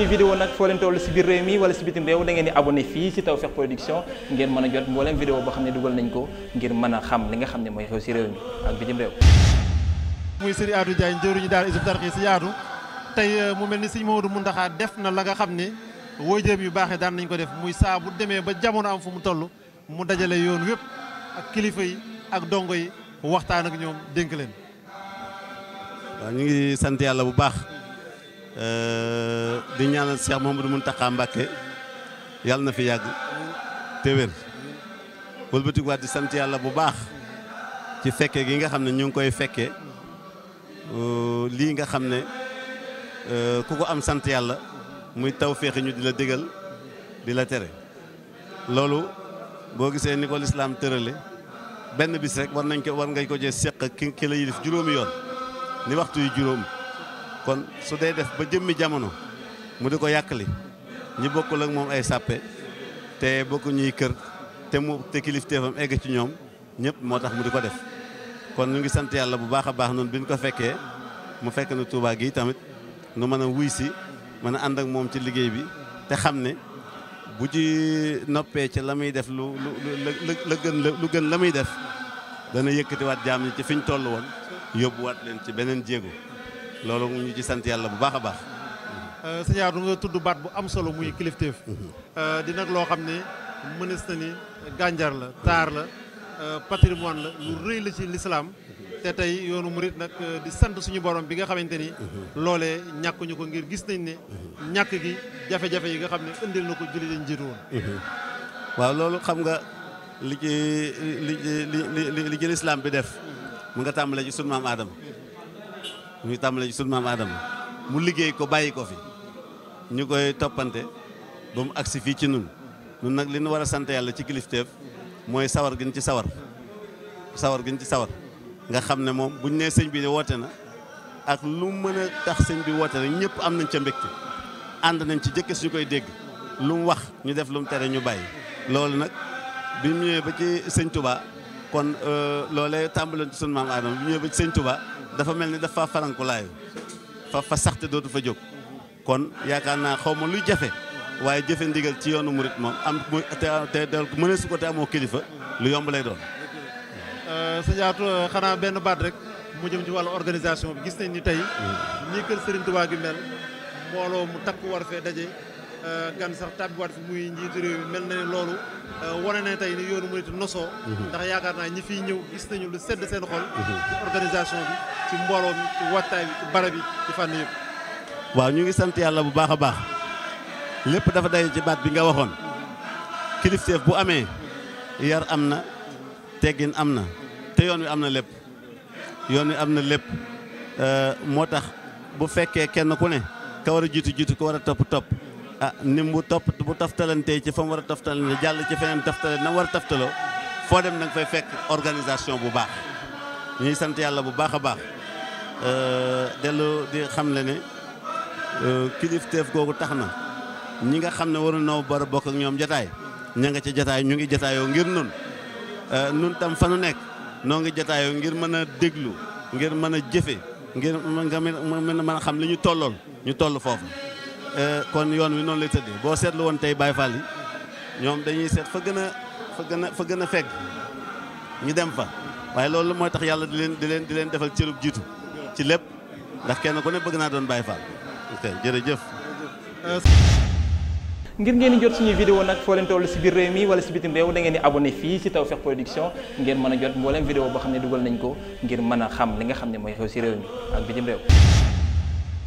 suñuy vidéo nag foo leen toll réew mi wala si bitim réew da ngeen di abonné fii si Tawfekh Production ngeen mën a jot xam ne dugal nañ ko ngir mën a xam li si réew mi si yaatu tey euh, mu mel ni Serigne Modou Mountakha def na la nga xam ne wóoyjëm yu baaxee daan nañ ko def muy saabu demee ba jamono am fu mu toll mu dajale yoon wépp ak kilifa yi ak dongo yi waxtaan ak ñoom dénk leen waaw ñu ngi sant yàlla bu baax Euh, di ñaanal Cheikh Mouhamadou Mountakha Mbacké yàlla na fi yàgg te wér wëlbatikuwaat di sant yàlla bu baax ci fekke gi nga xam ne ñu ngi koy fekke euh, lii nga xam ne euh, ku ko am sant yàlla muy taw féexi di la dégal di la tere loolu boo gisee ni ko lislaam tërale benn bis rek war nañ ko war nga ko jee seq ki ki la yilif juróomi yoon ni waxtu yu juróom kon su dee def ba jëmmi jamono mu di ko yàqali ñi bokkul ak moom ay sàppe te bokkuñuy kër te mu te kilifteefam egg ci ñoom ñëpp moo tax mu di ko def kon ñu ngi sant yàlla bu baax a baax noonu bi ñu ko fekkee mu fekk nu Tuubaa gi tamit nu mën a wuy si mën a ànd ak moom ci liggéey bi te xam ne bu ci noppee ci la muy def lu lu la gën lu gën la muy def dana yëkkatiwaat jaam yi ci fi ñu toll woon yóbbuwaat leen ci beneen jéego loolu ñu ci sant yàlla bu baax a baax. Euh, sëñ Yaar nga tudd baat bu am solo muy kilifteef. Euh, dina loo xam ne mënees na ni gànjar la taar la euh, patrimoine la lu rëy la ci lislaam te tey yoonu murit nag di sant suñu borom bi nga xamante ni. loolee ñàkkuñu ko ngir gis nañ ne. ñàkk gi jafe-jafe yi nga xam ne indil na ko julli dañ jiitu woon. waaw loolu xam nga li ci li li li li ci lislaam bi def. mu nga tàmbalee ci sunu maam ñu tàmbalee ci sunu maam Adama mu liggéey ko bàyyi ko fi ñu koy toppante ba mu agsi fii ci nun nun nag li ñu war a sant yàlla ci kilifteef mooy sawar gën ci sawar sawar gën ci sawar nga xam ne moom buñ nee sëñ bi de woote na ak lu mën a tax sëñ bi woote na ñëpp am nañ ca mbégte ànd nañ ci jëkke suñu koy dégg lu mu wax ñu def lu mu tere ñu bàyyi loolu nag bi mu ñëwee ba ci sëñ Touba. kon euh, loolee tàmbaloon ci sunu maam Adama bu ñëwee ba ci sëñ Touba dafa mel ni dafa farankulaayu fa fa saxte dootu fa jóg kon yaakaar naa xaw ma luy jafe waaye jëfe ndigal ci yoonu murit moom am te te mënee su ko te amoo kilifa lu yomb lay doon. Euh, sëñ Atou euh, xanaa benn baat rek mu jëm ci wàllu organisation bi gis nañ ni tey. Hmm. nii kër Serigne Touba gi mel mbooloo mu takk war fee daje. Euh, gan sax tàbbiwaat fi muy njiitu réew mi mel na ne loolu euh, wane na tey ni yoonu murit nosoo mhm. ndax yaakaar naa ñi fi ñëw gis nañu lu sedd seen xol ci mhm. organisation bi ci mbooloo mi ci wattaay bi ci barab bi ci fànn yëpp waaw ñu ngi sant yàlla bu baax a baax lépp dafa day ci baat bi nga waxoon kilifteef bu amee yar am na teggin am na te yoon wi am na lépp yoon wi am na lépp euh, moo tax bu fekkee kenn ku ne ka war a jiitu jiitu ka war a topp topp Ah, nim bu topp bu taftalantee ci fa mu war a taftalante jàll ci feneen taftale na war a taftaloo foo dem na nga fay fekk organisation bu baax ñuy sant yàlla bu baax a baax euh, dellu di xam le ne euh, kilifteef googu tax na ñi nga xam ne waru noo bar a bokk ak ñoom jataay ña nga ca jataay ñu ngi jataayoo ngir nun euh, nun tam fa nu nekk noo ngi jotaayoo ngir mën a déglu ngir mën a jëfe ngir nga mën a mën a xam li ñu tollool ñu toll foofu Euh, kon yoon wi noonu lay tëddee boo seetlu woon tey Baye yi ñoom dañuy seet fa gën a fa gën a fa gën a fekk ñu dem fa waaye loolu mooy tax yàlla di leen di leen di leen defal cërub jiitu ci lépp ndax kenn ko ne bëgg naa doon Baye Fall ok jërëjëf ngir ngeen di jot suñuy vidéo nag foo leen toll si biir réew mi wala si bitim réew da ngeen di abonné fii si Tawfekh Production ngeen mën a jot mbooleem vidéo boo xam ne dugal nañ ko ngir mën a xam li nga xam ne mooy xew si réew ak bitim